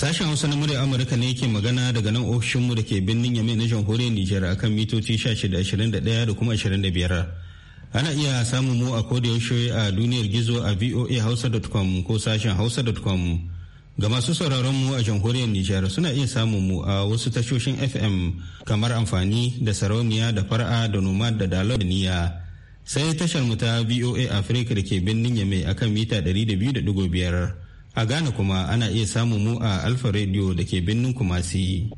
Sashen Hausa na murya Amurka ne ke magana daga nan ofishinmu da ke birnin Yamai na jamhuriyar Nijar a kan mitoci 1621 da kuma 25. Ana iya samun mu a yaushe a duniyar gizo a voahausa.com ko sashen hausa.com. Ga masu sauraron mu a jamhuriyar Nijar suna iya samun mu a wasu tashoshin FM kamar amfani da sarauniya da fara'a da noma da dalo da niyya. Sai tashar mu ta VOA Afirka da ke birnin Yamai akan mita 200.5. A Ghana kuma ana iya samun mu a Alfa Radio da ke birnin Kumasi.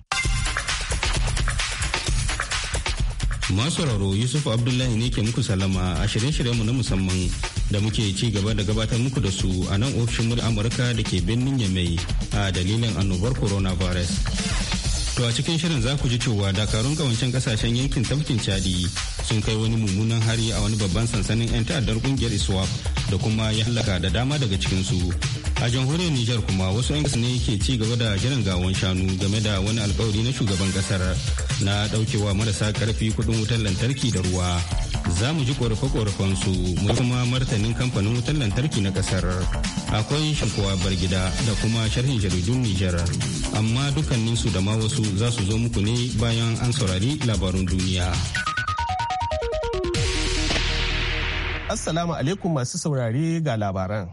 Masu Yusuf Abdullahi ne ke muku salama a shirin mu na musamman da muke ci gaba da gabatar muku da su a nan ofishin Amurka da ke birnin Yamai a dalilin annobar coronavirus. To a cikin shirin za ku ji cewa dakarun kawancin kasashen yankin tafkin Chadi sun kai wani mummunan hari a wani babban sansanin 'yan ta'addar kungiyar ISWAP da kuma ya halaka da dama daga cikinsu. A jamhuriyar Nijar kuma wasu 'yan ne ke ci gaba da jiran gawon shanu game da wani alkawari na shugaban kasar na daukewa marasa karfi kuɗin wutar lantarki da ruwa. za mu ji korafe-korafen su mu kuma martanin kamfanin wutar lantarki na kasar akwai shankowa gida da kuma sharhin jaridun nijar amma dukkaninsu da ma wasu za su zo muku ne bayan an saurari labarun duniya. Assalamu alaikum masu saurare ga labaran.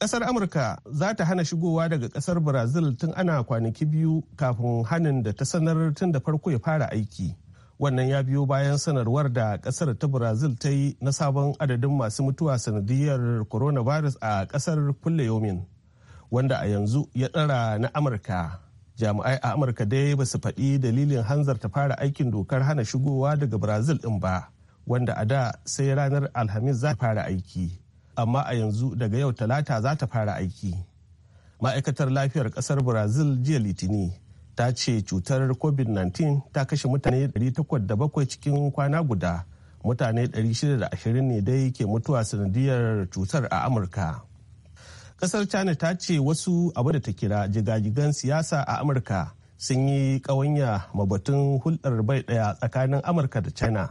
Kasar Amurka za ta hana shigowa daga kasar Brazil tun ana kwanaki biyu kafin hanin da ta sanar tun da farko ya fara aiki. Wannan ya biyo bayan sanarwar da kasar ta Brazil ta yi na sabon adadin masu mutuwa sanadiyar coronavirus a kasar kulle yomin. wanda a yanzu ya tsara na amurka jami'ai a amurka dai ba su faɗi dalilin hanzar ta fara aikin dokar hana shigowa daga brazil ɗin ba wanda a da sai ranar alhamis za ta fara aiki amma a yanzu daga yau talata za ta fara aiki ma'aikatar lafiyar ƙasar brazil jiya litini ta ce cutar covid-19 ta kashe mutane 807 cikin kwana guda mutane 620 ne dai ke mutuwa sanadiyar cutar a amurka kasar china ta ce wasu abu da ta kira jigajigan siyasa a amurka sun yi ƙawanya mabatun hulɗar bai ɗaya tsakanin amurka da china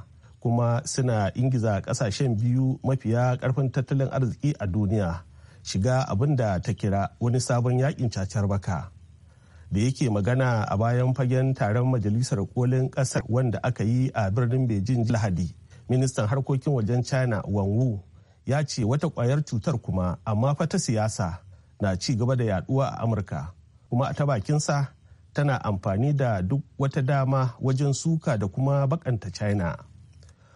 kuma suna ingiza ƙasashen biyu mafiya ƙarfin tattalin arziki a duniya shiga abin da ta kira wani sabon yakin cacar baka da yake magana a bayan fagen taron majalisar kolin ƙasar wanda aka yi a birnin beijing lahadi ministan harkokin wajen china wang ya ce wata kwayar cutar kuma amma fa ta siyasa na ci gaba da yaduwa a amurka kuma ta bakinsa tana amfani da duk wata dama wajen suka da kuma bakanta china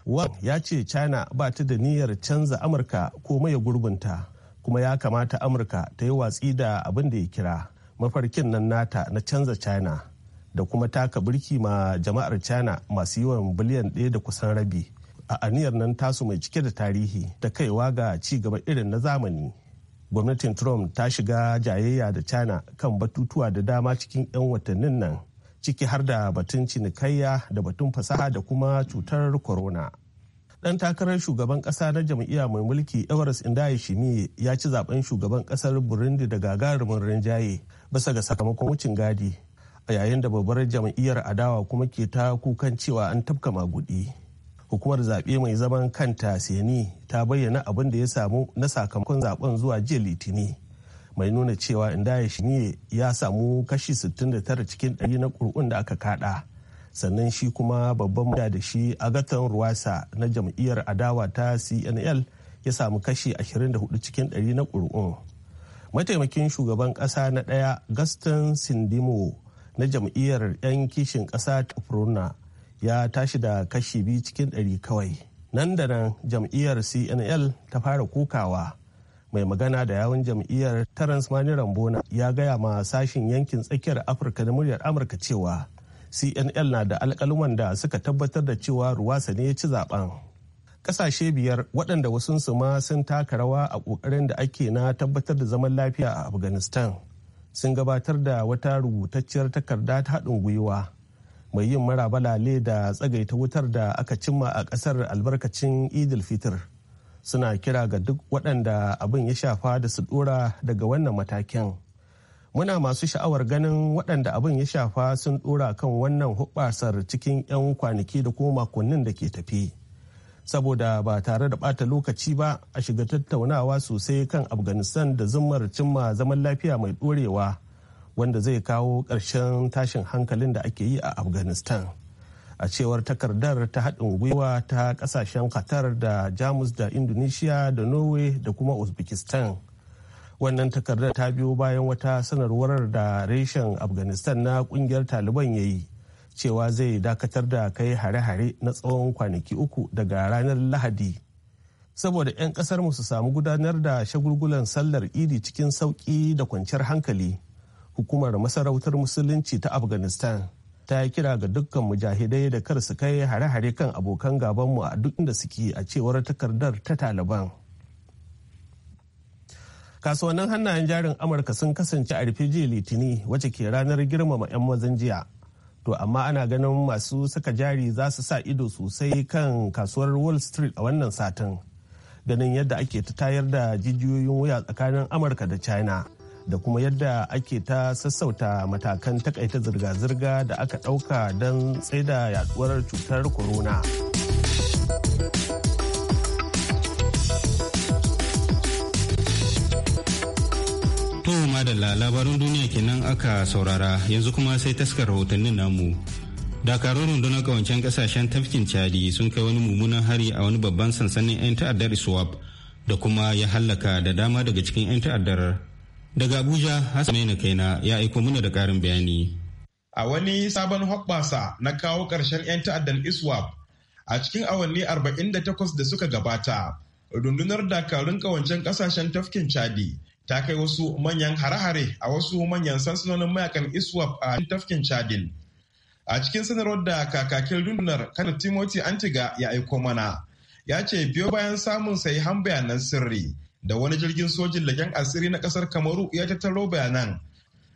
wang ya ce china ba ta da niyyar canza amurka ko maye gurbinta kuma ya kamata amurka ta yi watsi da abin da ya kira mafarkin nan nata na canza china da kuma taka birki ma jama'ar china masu yawan biliyan ɗaya da kusan rabi a aniyar nan tasu mai cike da tarihi da kaiwa ga ci gaba irin na zamani gwamnatin trump ta shiga jayayya da china kan batutuwa da dama cikin 'yan watannin nan ciki har da batun cinikayya da batun fasaha da kuma cutar corona dan takarar shugaban kasa na jam'iyya mai mulki everest indai shimi ya ci zaben shugaban kasar burundi da gagarumin rinjaye bisa ga sakamakon wucin gadi a yayin da babbar jam'iyyar adawa kuma ke ta kukan cewa an tafka magudi hukumar zaɓe mai zaman kanta seni ta bayyana abin da ya samu na sakamakon zaben zuwa jiya litini mai nuna cewa inda ya shiniye ya samu kashi 69 cikin 100 na ƙuri'un da aka kada sannan shi kuma babban mada da shi a agatan ruwasa na jam'iyyar adawa ta cnl ya samu kashi 24 cikin 100 na ƙuri'un mataimakin shugaban ƙasa na ɗaya gaston sindimo na jam'iyyar 'yan kishin ƙasa ta ya tashi da kashi biyu cikin ɗari kawai nan da nan jam'iyyar cnl ta fara kokawa mai magana da yawun jam'iyyar terence mani rambona ya gaya ma sashin yankin tsakiyar afirka na muryar amurka cewa cnl na da alkaluman da suka tabbatar da cewa ruwasa ne ya ci zaben Ƙasashe biyar waɗanda wasunsu ma sun taka rawa a ƙoƙarin da ake na tabbatar da zaman lafiya a afghanistan sun gabatar da wata rubutacciyar takarda ta haɗin gwiwa mai yin marabalale da tsagaita wutar da aka cimma a kasar albarkacin idil fitr suna kira ga duk waɗanda abin ya shafa da su ɗora daga wannan matakin muna masu sha'awar ganin waɗanda abin ya shafa sun ɗora kan wannan hubbasar cikin 'yan kwanaki da kuma makonnin da ke tafi saboda ba tare da ɓata lokaci ba a shiga tattaunawa sosai kan afghanistan da zummar cimma zaman lafiya mai ɗorewa wanda zai kawo ƙarshen tashin hankalin da ake yi a afghanistan a cewar takardar ta haɗin gwiwa ta ƙasashen qatar da jamus da indonesia da norway da kuma uzbekistan wannan takardar ta biyo bayan wata sanarwar da reshen afghanistan na ƙungiyar taliban ya yi cewa zai dakatar da kai hare-hare na tsawon kwanaki uku daga ranar lahadi saboda 'yan ƙasar su samu gudanar da shagulgulan sallar idi cikin sauƙi da kwanciyar hankali. hukumar masarautar musulunci ta afghanistan ta yi kira ga dukkan mujahidai da kar su kai hare-hare kan abokan gabanmu a duk inda suke a cewar takardar ta taliban kasuwannin hannayen jarin amurka sun kasance a rufe litini wacce ke ranar girmama 'yan mazan jiya to amma ana ganin masu saka jari za su sa ido sosai kan kasuwar wall street a wannan satin ganin yadda ake ta tayar da jijiyoyin wuya tsakanin amurka da china da kuma yadda ake ta sassauta matakan takaita zirga-zirga da aka ɗauka don tsaida yaduwar cutar corona. To madalla labaran duniya kenan aka saurara yanzu kuma sai taskar rahotannin namu. dakarun rundunar kawancen kasashen tafkin chadi sun kai wani mummunan hari a wani babban sansanin 'yan ta'addar iswap da kuma ya hallaka da dama daga cikin 'yan ta'addar Daga Abuja, Hassan na kaina ya aiko mana da ƙarin bayani. A wani sabon hoɓɓasa na kawo ƙarshen 'yan ta'addan ISWAP a cikin awanni 48 da suka gabata, rundunar dakarun ƙawancen ƙasashen tafkin Chadi ta kai wasu manyan hare-hare a wasu manyan sansanonin mayakan ISWAP a tafkin Chadin. A cikin sanarwar da kakakin rundunar kan Timothy Antiga ya aiko mana, ya ce biyo bayan samun sai han bayanan sirri. da wani jirgin sojin lagen asiri na kasar kamaru ya tattaro bayanan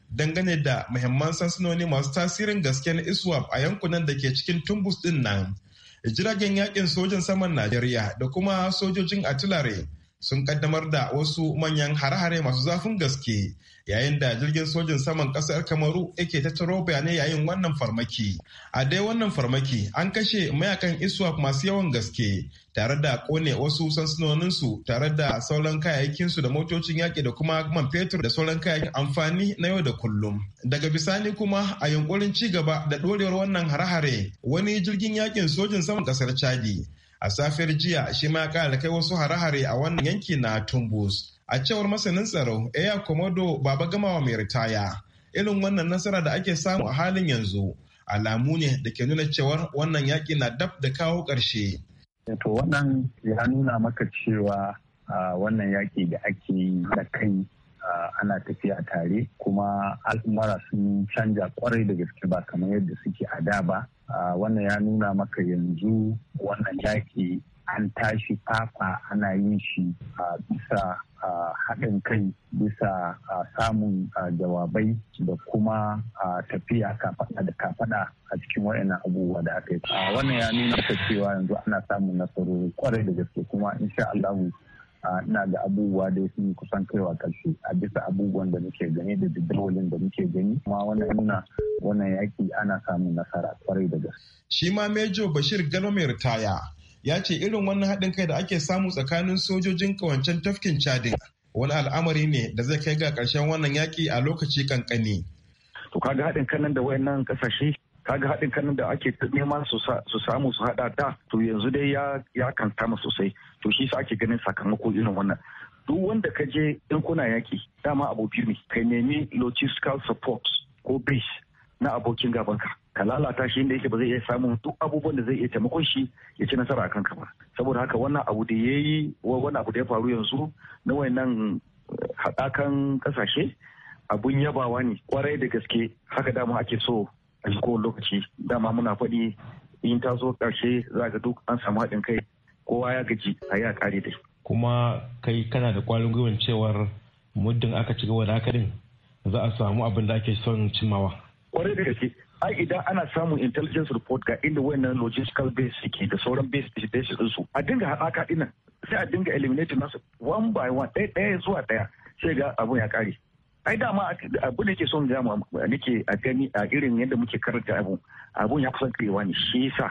dangane da muhimman sansanoni masu tasirin gaske na iswap a yankunan da ke cikin tumbus din nan jiragen yakin sojin saman najeriya da kuma sojojin atilare sun kaddamar da wasu manyan hare-hare masu zafin gaske yayin da jirgin sojin saman kasar kamaru yake tattaro bayanai yayin wannan farmaki a dai wannan farmaki an kashe mayakan iswap masu yawan gaske tare da kone wasu sansunoninsu tare da sauran kayayyakinsu da motocin yaƙi da kuma man fetur da sauran kayayyakin amfani na yau da kullum daga bisani kuma a yunkurin ci gaba da ɗorewar wannan hare-hare wani jirgin yaƙin sojin saman kasar chadi a safiyar jiya shi ma ya kara kai wasu hare-hare a wannan yanki na tumbus a cewar masanin tsaro eya komodo baba gamawa mai ritaya irin wannan nasara da ake samu a halin yanzu alamu ne da ke nuna cewar wannan yaƙi na dab da kawo ƙarshe. to wannan ya nuna maka cewa wannan yaƙi da ake yi da kai ana tafiya tare kuma al'umara sun canja kwarai da gaske ba kamar yadda suke a da ba Ah, wannan ya nuna maka yanzu wannan yaƙi an tashi fafa ana yin shi a ah, bisa ah, haɗin kai bisa samun jawabai da kuma tafiya kafaɗa da kafaɗa a cikin waɗannan abubuwa da aka yi. Wannan ya nuna cewa yanzu ana samun nasarori kwarai da gaske kuma insha Allahu ina ga abubuwa da ya sun kusan kaiwa ƙarshe a bisa abubuwan da muke gani da jadawalin da muke gani kuma wani nuna wannan yaki ana samun nasara kwarai da gaske. shi ma mejo bashir gano mai ritaya ya ce irin wannan haɗin kai da ake samu tsakanin sojojin kawancen tafkin chadin wani al'amari ne da zai kai ga ƙarshen wannan yaki a lokaci kankani. to kaga haɗin kanan da wayannan ƙasashe kaga haɗin kan da ake neman su samu su haɗa da to yanzu dai ya kan sosai to shi sa ake ganin sakamako irin wannan duk wanda ka je in kuna yaki dama abu biyu ne ka nemi logistical support ko base na abokin gabanka ka lalata shi inda yake ba zai iya samun duk abubuwan da zai iya taimakon shi ya ci nasara kan ka ba saboda haka wannan abu da ya yi wannan abu da ya faru yanzu na wayannan eh, haɗakan ƙasashe abun yabawa ne kwarai da gaske haka dama ake so a kowane lokaci dama muna faɗi in ta zo ƙarshe za ga duk an samu haɗin kai kowa ya gaji a a ƙare da kuma kai kana da kwalin gwiwan cewar muddin aka ci gaba da za a samu abin da ake son cimawa kwarai da gaske ai idan ana samun intelligence report ga inda wayannan logistical base suke da sauran base din su a dinga haɗaka dinan sai a dinga eliminating nasu one by one ɗaya ɗaya zuwa ɗaya sai ga abun ya ƙare. ai dama abu da ke son gama nake a gani a irin yadda muke karanta abu abun ya kusan karewa ne shi yasa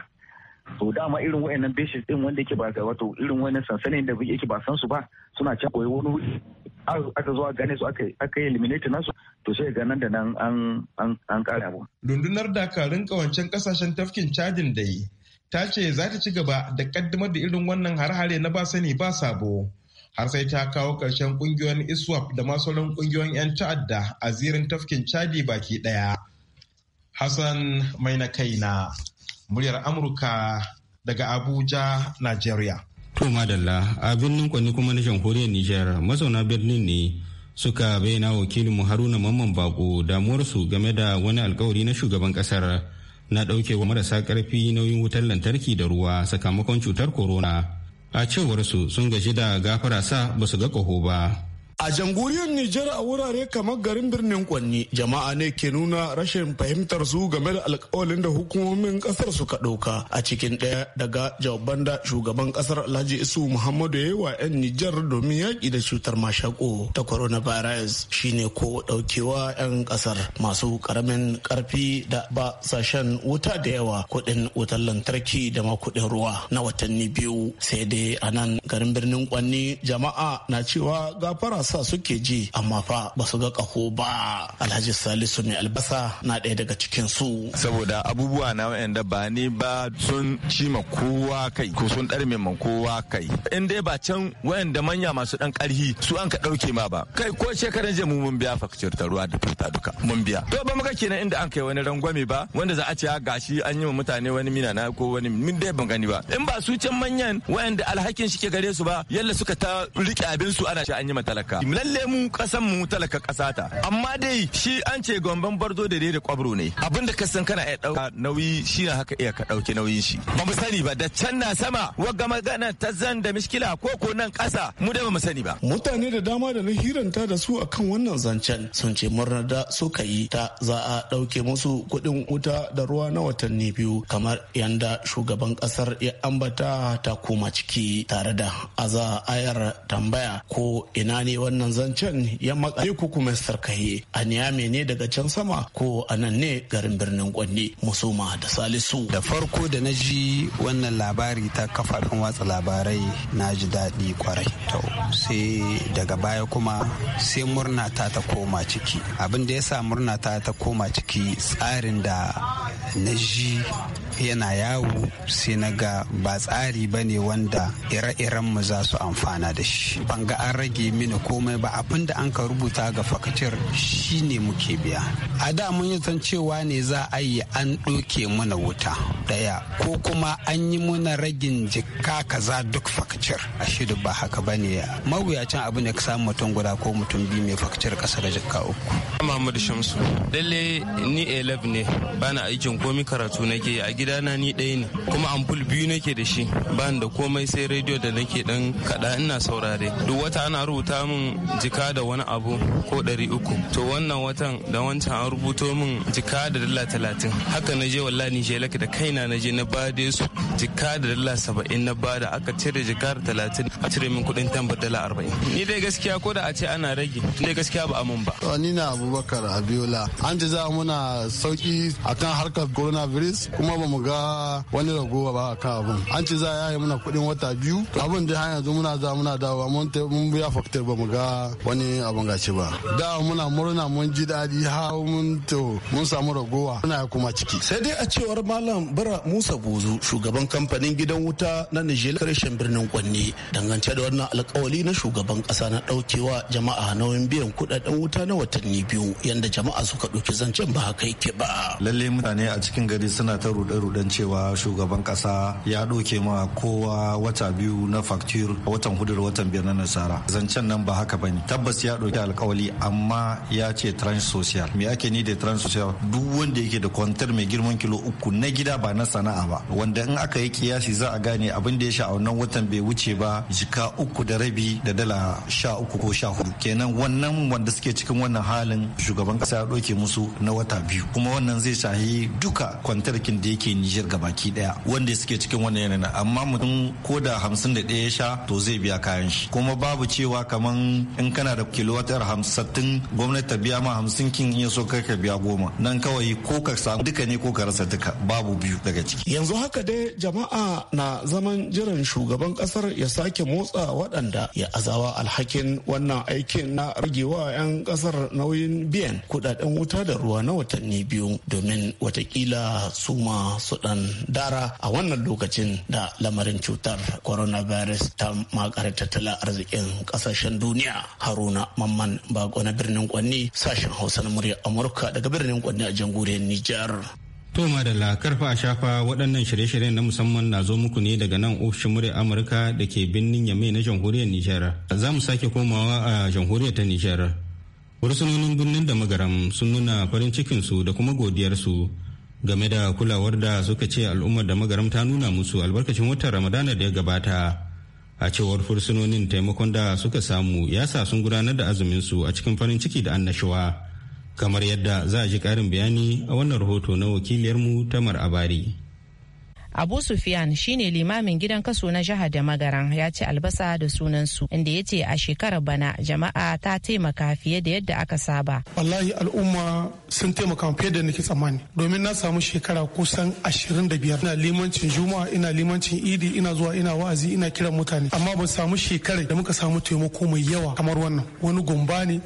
to dama irin wayannan basis din wanda yake ba wato irin wannan sansanin da yake ba san su ba suna can koyi wani wuri aka zo a gane su aka yi eliminate nasu to sai ga nan da nan an an kare abu rundunar dakarun kawancen kasashen tafkin chadin dai ta ce za ta ci gaba da kaddamar da irin wannan har-hare na ba sani ba sabo har sai ta kawo ƙarshen ƙungiyoyin iswap da masauran ƙungiyoyin 'yan ta'adda a zirin tafkin chadi baki ɗaya. hassan mai na kai na muryar amurka daga abuja nigeria to madalla a birnin kwanni kuma na jamhuriyar nijar mazauna birnin ne suka bayyana wakilin mu haruna mamman bako damuwarsu game da wani alkawari na shugaban kasar na wa marasa ƙarfi nauyin wutar lantarki da ruwa sakamakon cutar corona a cewar su sun gaji da gafara sa ba su ga ƙaho ba A jamhuriyar Nijar a wurare kamar garin birnin Kwanni jama'a ne ke nuna rashin fahimtar su game da alkawalin da hukumomin kasar suka ɗauka a cikin ɗaya daga jawaban da shugaban kasar Alhaji Isu Muhammadu ya yi wa 'yan Nijar domin yaƙi da cutar mashako ta coronavirus shine ko ɗaukewa 'yan kasar masu ƙaramin ƙarfi da ba sashen wuta da yawa kuɗin wutar lantarki da ma kuɗin ruwa na watanni biyu sai dai a nan garin birnin Kwanni jama'a na cewa gafara sa suke ji amma fa ba su ga kaho ba alhaji salisu mai albasa na ɗaya daga cikin su saboda abubuwa na wa'anda ba ni ba sun ci ma kowa kai ko sun ɗarme ma kowa kai in dai ba can wa'anda manya masu ɗan ƙarhi su an ka ɗauke ma ba kai ko shekaran jiya mu mun biya fakcir ta ruwa da fita duka mun biya to ba muka kenan inda an kai wani rangwame ba wanda za a ce gashi an yi wa mutane wani mina na ko wani min dai ban gani ba in ba su can manyan wa'anda alhakin shi ke gare su ba yalla suka ta riƙe abin su ana shi an yi matalaka talaka lalle mu kasan mu talaka kasata amma dai shi an ce gomban barzo da dai da kwabro ne abinda ka san kana iya dauka nauyi shi na haka iya ka dauki nauyin shi ba mu sani ba da can na sama wagga magana ta zan da miskila ko ko nan kasa mu da ba mu sani ba mutane da dama da na hiranta da su akan wannan zancen sun ce murnar da suka yi ta za a dauke musu kuɗin wuta da ruwa na watanni biyu kamar yanda shugaban kasar ya ambata ta koma ciki tare da aza ayar tambaya ko ina ne wannan zancen ya makare ku kuma sarkaye a niyame ne daga can sama ko a nan ne garin birnin kwanne musoma da salisu da farko da na ji wannan labari ta kafafen watsa labarai na ji daɗi kwarai to sai daga baya kuma sai murna ta ta koma ciki abin da ya sa murna ta ta koma ciki tsarin da na ji yana yawo sai na ga ba tsari ba ne wanda ire-irenmu za su amfana da shi ban ga an rage mini ko komai ba abin da an ka rubuta ga fakacir shine muke biya a da mun yi san cewa ne za a yi an ɗoke mana wuta daya ko kuma an yi mana ragin jikka kaza duk fakacir a shida ba haka ba ne mawuyacin abin da ka samu mutum guda ko mutum biyu mai fakacir kasa da jikka uku. Muhammadu Shamsu lalle ni 11 ne bana aikin komi karatu nake a gidana ni ɗaya ne kuma ampul biyu nake da shi ban da komai sai rediyo da nake dan kaɗa ina saurare duk wata ana rubuta mun jika da wani abu ko ɗari uku to wannan watan da wancan an rubuto min jika da dala talatin haka na je wallahi ni shelaka da kaina na je na bade su jika da dala saba'in na bada aka cire jika da talatin a cire min kuɗin tambar dala arba'in ni dai gaskiya ko da a ce ana rage dai gaskiya ba amin ba. ni na abubakar abiola an ji za muna sauki akan harkar coronavirus kuma ba mu ga wani ragowa ba akan abun an ci za ya yi muna kuɗin wata biyu abin da har yanzu muna za muna dawowa mun biya faktar ba mu ga wani abin gashi ba da muna murna mun ji daɗi ha mun to mun samu ragowa muna kuma ciki sai dai a cewar malam bara musa bozu shugaban kamfanin gidan wuta na nigeria karshen birnin kwanne dangance da wannan alkawali na shugaban kasa na daukewa jama'a nauyin biyan kudaden wuta na watanni biyu yanda jama'a suka ɗauki zancen ba haka yake ba lalle mutane a cikin gari suna ta ruɗe-ruɗen cewa shugaban kasa ya ɗauke ma kowa wata biyu na faktur watan hudu da watan biyar na nasara zancen nan ba haka bane tabbas ya ɗauki alkawali amma ya ce trans social me ake ni da trans social duk wanda yake da kwantar mai girman kilo uku na gida ba na sana'a ba wanda in aka yi kiyasi za a gane abin da ya sha a wannan watan bai wuce ba jika uku da rabi da dala sha uku ko sha hudu kenan wannan wanda suke cikin wannan halin shugaban kasa ya ɗauke musu na wata biyu kuma wannan zai shahi duka kwantarkin da yake Nijar gabaki daya wanda suke cikin wannan yanayin amma mutum ko da hamsin da ɗaya ya sha to zai biya kayan shi kuma babu cewa kaman in kana da kilowatar hamsin gwamnati ta biya ma hamsin kin in so kai ka biya goma nan kawai ko ka samu duka ne ko ka rasa duka babu biyu daga ciki yanzu haka dai jama'a na zaman jiran shugaban kasar ya sake motsa waɗanda ya azawa alhakin wannan aikin na ragewa 'yan kasar nauyin biyan kudaden wuta da ruwa na watanni biyu domin watakila su ma su dan dara a wannan lokacin da lamarin cutar coronavirus ta makar tattalin arzikin kasashen duniya duniya haruna mamman bago na birnin kwanni sashen hausa na murya amurka daga birnin kwanni a jamhuriyar nijar To madalla karfa a shafa waɗannan shirye-shiryen na musamman na zo muku ne daga nan ofishin murya Amurka da ke birnin Yamai na jamhuriyar Nijar. Za mu sake komawa a jamhuriyar ta Nijar. Fursunonin birnin da magaram sun nuna farin cikinsu da kuma godiyarsu game da kulawar da suka ce al'ummar da magaram ta nuna musu albarkacin watan Ramadana da ya gabata. a cewar fursunonin taimakon da suka samu ya sa sun gudanar da azumin su a cikin farin ciki da annashuwa kamar yadda za a ji karin bayani a wannan rahoto na wakiliyarmu tamar abari abu sufiyan shine limamin gidan kaso na jihar da magaran ya ce albasa da sunansu inda ya ce a shekarar bana jama'a ta taimaka fiye da yadda aka saba wallahi al'umma sun taimaka fiye da nake tsammani domin na samu shekara kusan ashirin da biyar ina limancin juma'a ina limancin idi ina zuwa ina wa'azi ina kiran mutane amma ban samu shekarar da muka samu taimako mai yawa kamar wannan wani gumba ne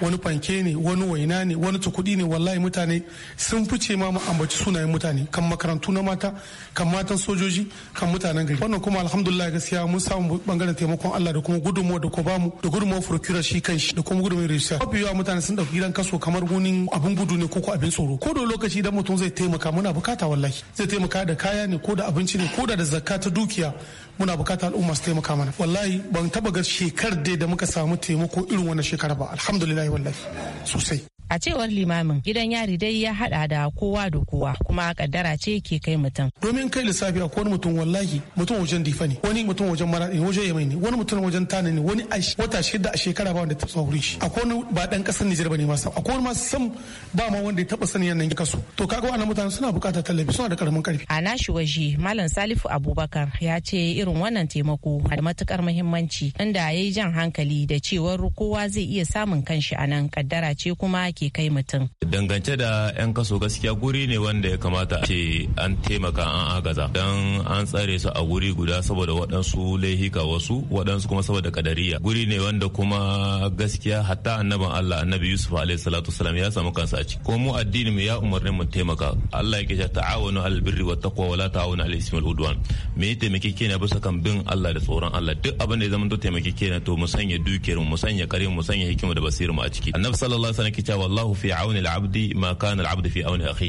wani fanke ne wani waina ne wani tukudi ne wallahi mutane sun fice ma mu ambaci sunayen mutane kan makarantu na mata kan matan sojoji kan mutanen gari wannan kuma alhamdulillah gaskiya mun samu bangaren taimakon Allah da kuma gudunmuwa da ko bamu da gudunmuwa furkura shi kanshi da kuma gudunmuwa rejista mafi yawa mutane sun dauki gidan kaso kamar gunin abin gudu ne ko ko abin tsoro ko da lokaci idan mutum zai taimaka muna bukata wallahi zai taimaka da kaya ne ko da abinci ne ko da da zakka ta dukiya muna bukata al'umma su taimaka mana wallahi ban taba ga shekar da muka samu taimako irin wannan shekara ba alhamdulillah alhamdulillah wallahi sosai a cewar limamin gidan yari dai ya hada da kowa da kowa kuma kaddara ce ke kai mutum domin kai lissafi a kowane mutum wallahi mutum wajen difa ne wani mutum wajen mara ne wajen yamai ne wani mutum wajen tana ne wani wata shida a shekara ba wanda ta tsawo wurin shi A kowane ba dan kasar Nijar bane ma sam a kowane ma sam ba ma wanda ya taba sanin yanayin kaso to kaga wannan mutane suna bukatar tallafi suna da karamin karfi a nashi waje malam Salifu Abubakar ya ce irin wannan taimako da matukar muhimmanci inda yayi jan hankali da cewar kowa zai iya samun kanshi a nan kaddara ce kuma ke kai mutum. Dangance da 'yan kaso gaskiya guri ne wanda ya kamata ce an taimaka an agaza don an tsare su a guri guda saboda waɗansu laihika wasu waɗansu kuma saboda kadariya. Guri ne wanda kuma gaskiya hatta annaban Allah annabi Yusuf alaihi salatu salam ya samu kansa a ciki. Ko mu addini mu ya umarni mu taimaka. Allah ya kisa ta'awunu al birri wa taqwa wa la ta'awunu al ismi al udwan. Me ya taimake ke na bisa kan bin Allah da tsoron Allah duk abin da ya zama to taimake ke na to mu sanya dukiyar mu sanya kare mu sanya hikima da basirin mu a ciki. Annabi sallallahu alaihi wasallam ya wallahu fi auni al-abdi ma kana al-abdu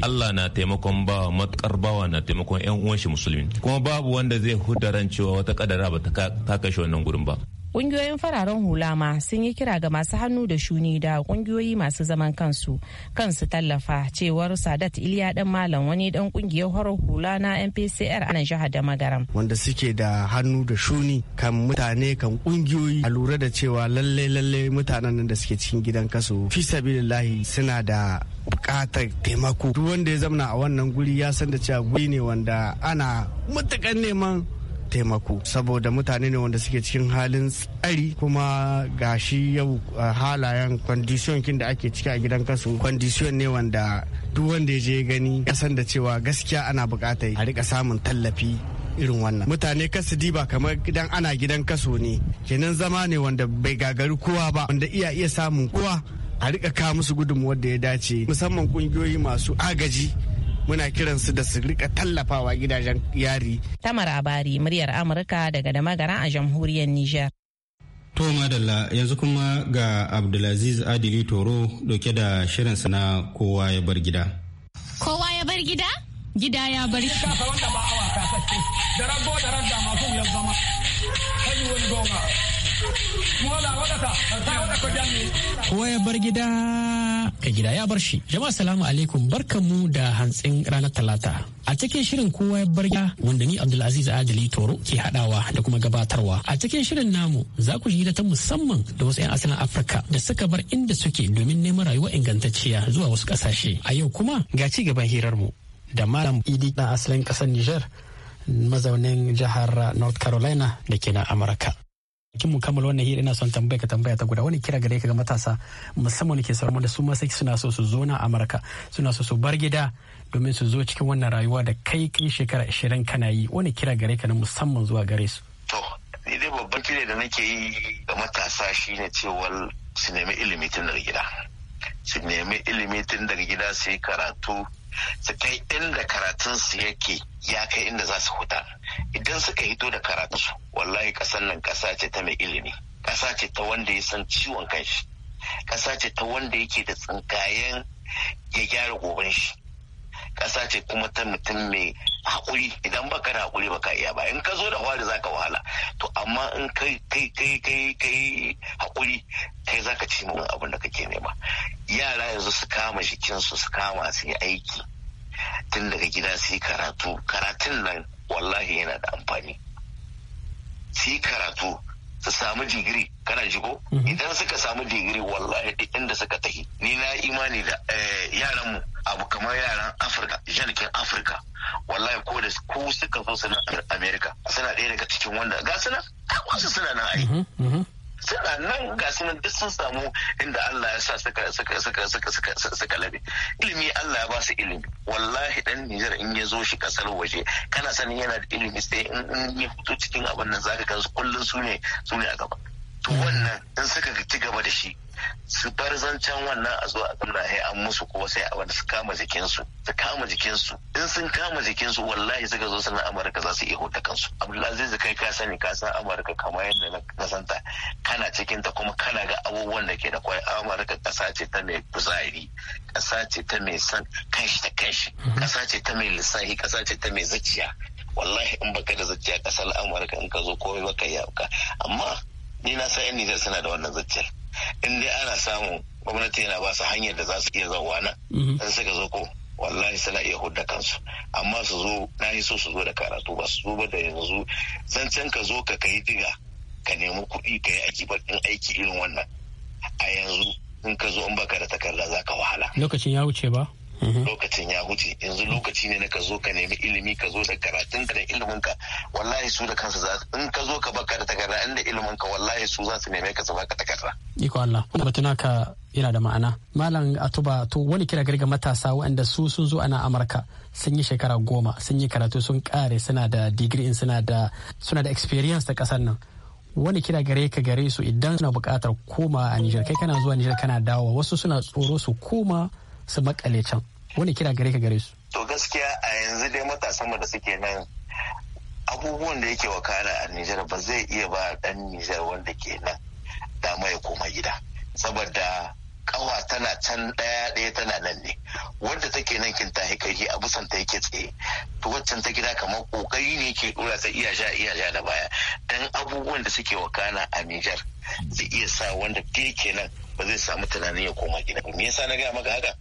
Allah na taimakon bawa matkar bawa na taimakon yan uwan shi musulmi kuma babu wanda zai hudaran cewa wata kadara ba ta kashe wannan gurin ba kungiyoyin fararen hula ma sun yi kira ga masu hannu da shuni da kungiyoyi masu zaman kansu kansu tallafa cewar Sadat Iliya dan Malam wani dan kungiyar farar hula na MPCR a nan jihar da Magaram. Wanda suke da hannu da shuni kan mutane kan kungiyoyi a lura da cewa lalle lalle mutanen nan da suke cikin gidan kaso fi sabilillahi suna da bukatar taimako duk wanda ya zamana a wannan guri ya san da cewa guri ne wanda ana matukan neman taimako saboda mutane ne wanda suke cikin halin tsari kuma gashi yau halayen kwandishiyon kin da ake ciki a gidan kasu kwandishiyon ne wanda duk wanda ya je gani kasan da cewa gaskiya ana bukatar a rika samun tallafi irin wannan mutane kasu diba kamar idan ana gidan kaso ne kenan zama ne wanda bai gagari kowa ba wanda iya iya samun kowa a rika kawo musu gudunmuwar da ya dace musamman kungiyoyi masu agaji muna kiran su da su rika tallafawa gidajen yari Tamar abari muryar amurka daga da magara a jamhuriyar Nijar. to madalla yanzu kuma ga abdulaziz adili toro dauke da shirin sana kowa ya bar gida kowa ya bar gida gida ya bar gida. kowa ya bar gida ka gida ya bar shi jama'a salamu alaikum barkanmu da hantsin ranar talata a cikin shirin kowa ya bar wanda ni abdulaziz adali toro ke hadawa da kuma gabatarwa a cikin shirin namu za ku ji ta musamman da wasu 'yan asalin afirka da suka bar inda suke domin neman rayuwa ingantacciya zuwa wasu kasashe a yau kuma ga ci gaban hirarmu da malam idi na asalin kasar niger mazaunin jihar north carolina da ke na amurka kin mu kammala wannan hira ina son tambaya ka tambaya ta guda wani kira gare ka ga matasa musamman ke sauran da su ma sai suna so su zo na Amurka suna so su bar gida domin su zo cikin wannan rayuwa da kai kin shekara 20 kana yi wani kira gare ka na musamman zuwa gare su to idan babban kira da nake yi ga matasa shine cewa su nemi ilimi tun daga gida su nemi ilimi tun daga gida su yi karatu su kai inda karatunsu yake ya kai inda za su huta idan suka hito da karatu, wallahi ƙasar nan kasa ce ta mai ilimi kasa ce ta wanda ya san ciwon kanshi kasa ce ta wanda yake da tsinkayen ya gyara gobin shi ƙasa ce kuma ta mutum mai haƙuri idan baka da haƙuri baka iya ba in ka zo da hwari zaka wahala to amma in kai kai kai kai kai haƙuri kai zaka ci mun abin da kake nema yara yanzu su kama su su kama su yi aiki tun daga gida su yi karatu karatun nan wallahi yana da amfani su yi karatu su samu digiri kana jiko. Mhm. idan suka samu digiri wallahi duk inda suka tafi ni na imani da eh, yaran mu abu kamar yaran afirka janikin afirka wallahi ko da ko suka zo su amerika suna ɗaya daga cikin wanda ga suna suna nan ai mhm, mhm. suna nan ga nan duk sun samu inda Allah ya sa suka suka suka suka suka suka labe ilimi Allah ya ba su ilimi wallahi dan Nijar in ya zo shi kasar waje kana sanin yana da ilimi sai in ya fito cikin abin nan zaka gansu kullun su ne su ne a gaba to wannan in suka ci gaba da shi su bar zancen wannan a zuwa a sai eh, an musu ko sai a wani su kama jikinsu su kama jikinsu in sun kama jikinsu wallahi suka zo sanar amurka za su iya hoto kansu abdulaziz kai ka sani ka san amurka kama yadda na kasanta kana cikin ta kuma kana ga abubuwan da ke da kwai amurka kasa ce ta mai kuzari kasa ce ta mai san kanshi da kanshi kasa mhm. ce ta mai lissahi kasa ce ta mai zuciya wallahi in baka da zuciya kasar amurka in ka zo komai baka yi amma ni na san 'yan suna da wannan zaccen in dai ana samu gwamnati yana ba su hanyar da za su iya zauwa na. in mhm. suka zo ko wallahi suna iya hudda kansu amma su zo na yi so su zo da karatu ba su zo ba da yanzu zancen ka zo ka kai diga ka nemi kuɗi ka yi aiki bakin aiki irin wannan a yanzu in ka zo in baka da takarda za ka wahala lokacin ya wuce ba lokacin ya huce yanzu lokaci ne na ka zo ka nemi ilimi ka zo da karatun da ilimin ka wallahi su da kansu za in ka zo ka baka da takarda inda ilimin ka wallahi su za su neme ka su baka takarda iko Allah kuma tuna ka yana da ma'ana malam atuba to wani kira garga matasa waɗanda su sun zo ana amurka sun yi shekara goma sun yi karatu sun kare suna da digiri suna da suna da experience ta kasar nan wani kira gare ka gare su idan suna bukatar koma a Nijar kai kana zuwa Nijar kana dawo wasu suna tsoro su koma su makale can wani kira gare ka gare su to gaskiya a yanzu dai matasan da suke nan abubuwan da yake wakana a Nijar ba zai iya ba dan Nijar wanda ke nan dama ya koma gida saboda kawa tana can ɗaya ɗaya tana nan ne wanda take nan kin tahi kai a busan ta yake tsaye to waccan ta gida kamar kokari ne ke dora ta iya sha iya sha da baya dan abubuwan da suke wakana a Nijar zai iya sa wanda ke nan ba zai samu tunanin ya koma gida me yasa na ga maka haka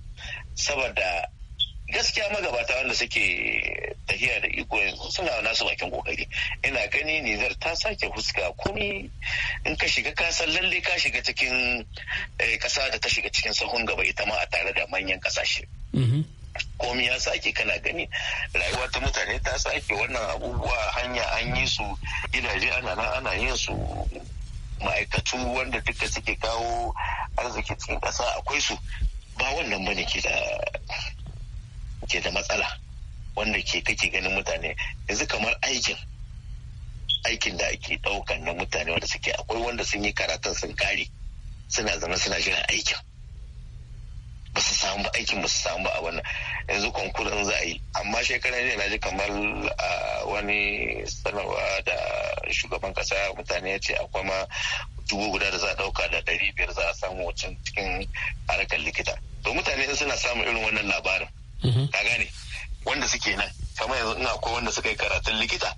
saboda gaskiya magabata wanda suke tafiya da iko yanzu suna nasu bakin kokari ina gani nizar ta sake huska komi in ka shiga kasan lalle ka shiga cikin kasa eh, da ta shiga cikin sahun gaba ita ma a tare da manyan kasashe mm-hmm. komi ya sake kana gani rayuwa ta mutane ta sake wannan abubuwa hanya an yi su gidaje ana nan ana yin su ma'aikatu wanda duka suke kawo arziki cikin ƙasa akwai su ba wannan bane ke da ke da matsala wanda ke kake ganin mutane yanzu kamar aikin aikin da ake ɗaukan na mutane wanda suke akwai wanda sun yi karatun sun kare suna zama suna jiran aikin ba su samu ba aikin ba su samu ba a wannan yanzu kwankurin za a yi amma shekaran jiya na ji kamar a wani sanarwa da shugaban kasa mutane ya ce akwai ma dubu guda da za a dauka da ɗari biyar za a samu wacan cikin harkar likita to mutane in suna samun irin wannan labarin mhm. ka gane wanda suke nan kamar yanzu ina akwai wanda suka yi karatun likita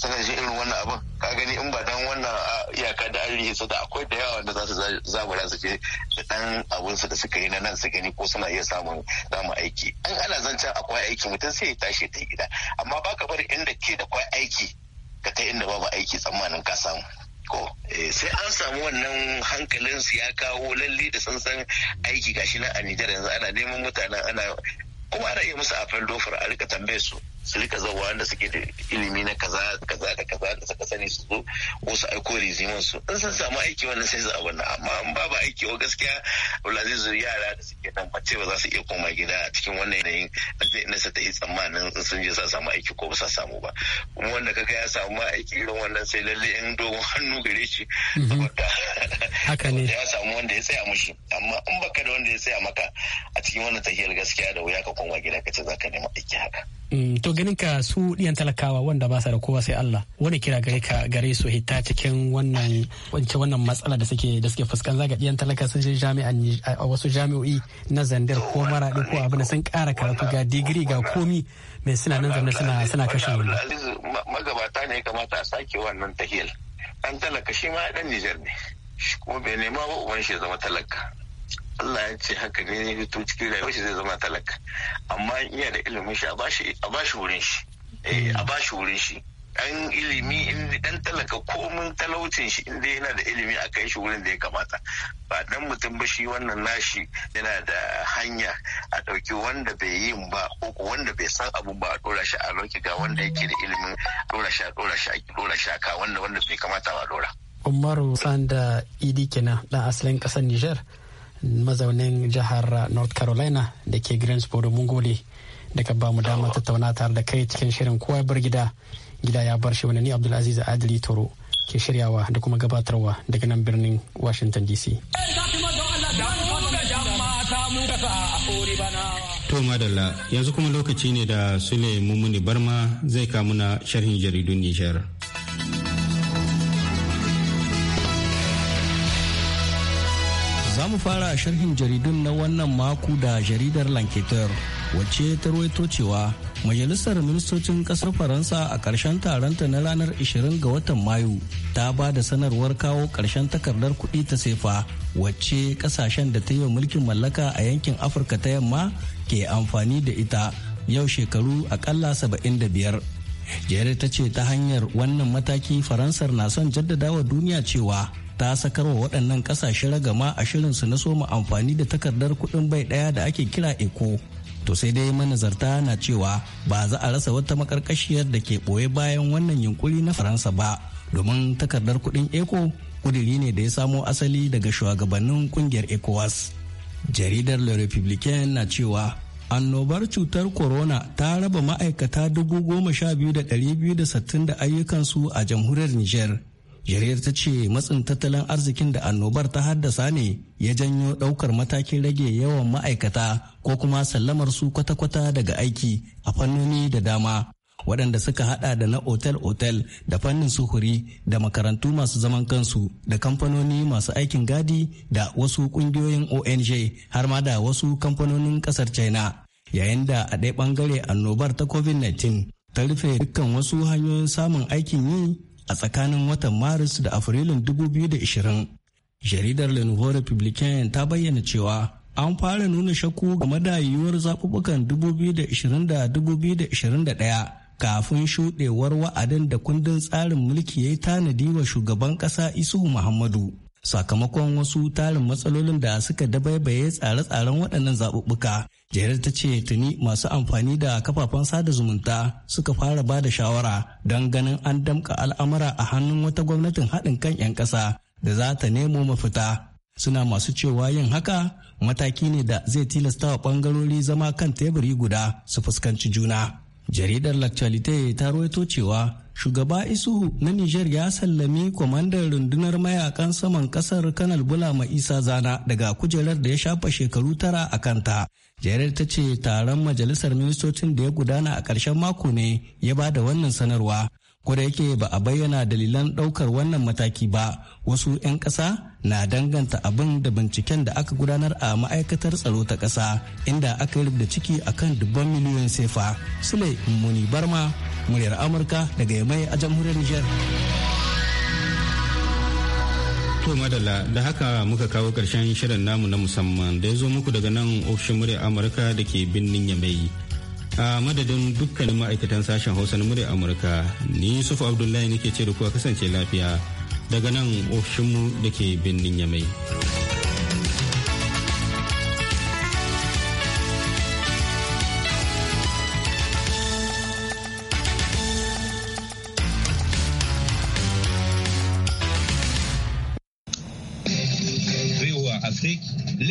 suna shi irin wannan abin ka gani in ba dan wannan iyaka da an su da akwai da yawa wanda za su zabura su je da dan abin su da suka yi na nan su gani ko suna iya samun samun aiki an ana zancen akwai aiki mutum sai ya tashi ta gida amma baka bari inda ke da kwai aiki ka ta inda babu aiki tsammanin ka samu ko eh, sai an samu wannan hankalin su ya kawo lalle da sansan aiki gashi na a Nijar yanzu ana neman mutanen ana kuma ana iya musu afel dofar a rika tambaye su su rika zawa wanda suke da ilimi na kaza kaza da kaza da suka sani su zo ko su aiko rizimin su in sun samu aiki wannan sai su abin amma in babu aiki wa gaskiya zai zo yara da suke nan mace ba za su iya koma gida a cikin wannan yanayin na su ta yi tsammanin in sun je sa samu aiki ko ba sa samu ba kuma wanda kaga ya samu ma aiki irin wannan sai lalle in dogon hannu gare shi mhm. saboda haka ne ya samu wanda ya tsaya mushi amma in baka da wanda ya tsaya maka a cikin wannan tahiyar gaskiya da wuya ka koma gida ka ce za ka nema aiki haka Mm, to ganin ka su ɗiyan talakawa wanda ba sa da kowa sai Allah wani kira gare ka gare su hita cikin wannan wance wannan matsala da suke da suke fuskan zaga ɗiyan talaka sun je jami'an a wasu jami'o'i na zandar ko maraɗi ko abin da sun ƙara karatu ga digiri ga komi mai suna nan zanne suna suna kashe wani. magabata ne kamata a sake wannan tahiyar an talaka shi ma ɗan Nijar ne kuma bai nema ba uban shi zama talaka Allah ya ce haka ne ne fito cikin rayuwar shi zai zama talaka amma in iya da ilimin shi a bashi a bashi wurin shi eh, a bashi wurin shi dan ilimi in dan talaka komin talaucin shi dai yana da ilimi a kai shi wurin da ya kamata ba dan mutum ba shi wannan nashi yana da hanya a ɗauki wanda bai yi ba ko wanda bai san abu ba a dora shi a lokaci ga wanda yake da ilimin dora shi a dora shi a dora shi ka wanda wanda bai kamata ba dora. Umaru Sanda Idi kenan dan asalin kasar Nijar mazaunin jihar north carolina da ke greensboro mun gode da ka bamu dama tattauna tare da kai cikin shirin kowa bar gida gida ya bar shi wani ni abdulaziz adli toro ke shiryawa da kuma gabatarwa daga nan birnin washington dc To madalla yanzu kuma lokaci ne da Sule Mumuni Barma zai kamuna sharhin jaridun Nijar. Za mu fara sharhin jaridun na wannan mako da jaridar Lanketer wacce ta ruwaito cewa Majalisar Ministocin kasar Faransa a ƙarshen taronta na ranar 20 ga watan Mayu ta ba da sanarwar kawo ƙarshen takardar kuɗi ta sefa wacce ƙasashen da ta yi wa mulkin mallaka a yankin Afirka ta yamma ke amfani da ita yau shekaru aƙalla 75. jere ta ce ta hanyar wannan mataki faransar na son jaddadawa duniya cewa ta sakarwa waɗannan ƙasashe ragama a shirinsu na soma amfani da takardar kuɗin bai ɗaya da ake kira eko. to sai dai manazarta na cewa ba za a rasa wata makarkashiyar da ke ɓoye bayan wannan yunkuri na faransa ba domin takardar kuɗin eko. ƙudiri ne da ya samo asali daga shugabannin ƙungiyar ecowas jaridar le republicain na cewa annobar cutar corona ta raba ma'aikata 12,260 da ayyukansu a jamhuriyar niger jaridar ta ce matsin tattalin arzikin da annobar ta haddasa ne ya janyo ɗaukar matakin rage yawan ma'aikata ko kuma sallamar su kwata-kwata daga aiki a fannoni da dama waɗanda suka hada da na otel-otel da fannin suhuri da makarantu masu zaman kansu da kamfanoni masu aikin gadi da wasu ƙungiyoyin ong har ma da wasu kamfanonin ƙasar china yayin da a ɗaya bangare annobar ta covid-19 ta rufe dukkan wasu hanyoyin samun aikin yi a tsakanin watan maris da afrilun 2020 jaridar le nouveau republicain ta bayyana cewa an fara nuna shakku game da yiwuwar zaɓuɓɓukan 2020 2021 kafin shuɗewar wa'adin da kundin tsarin mulki ya yi tanadi wa shugaban ƙasa isu muhammadu sakamakon wasu tarin matsalolin da suka dabaibaye tsare-tsaren waɗannan zaɓuɓɓuka jihar ta ce tuni masu amfani da kafafen sada zumunta suka fara ba da shawara don ganin an damka al'amura a hannun wata gwamnatin haɗin kan 'yan ƙasa da za ta nemo mafita suna masu cewa yin haka mataki ne da zai tilasta wa ɓangarori zama kan teburi guda su fuskanci juna jaridar lactalite ta ruwaito cewa shugaba isuhu na niger ya sallami kwamandan rundunar mayakan saman kasar kanal bulama isa zana daga kujerar da ya shafa shekaru tara a kanta jaridar ta ce taron majalisar ministocin da ya gudana a ƙarshen mako ne ya ba da wannan sanarwa kuda yake ba a bayyana dalilan ɗaukar wannan mataki ba, wasu 'yan ƙasa na danganta abin da binciken da aka gudanar a ma'aikatar tsaro ta ƙasa inda aka yi rubuta ciki akan dubban miliyoyin sefa. Sule Muni Barma, muryar Amurka daga Yamai a jamhuriyar Nijar. To madalla da haka muka kawo karshen shirin namu na musamman da ya zo muku daga nan ofishin muryar Amurka da ke birnin Yamai. a madadin dukkanin ma'aikatan sashen hausa na murya amurka ni yusuf abdullahi nake ce da kuwa kasance lafiya daga nan ofishinmu da ke birnin yamai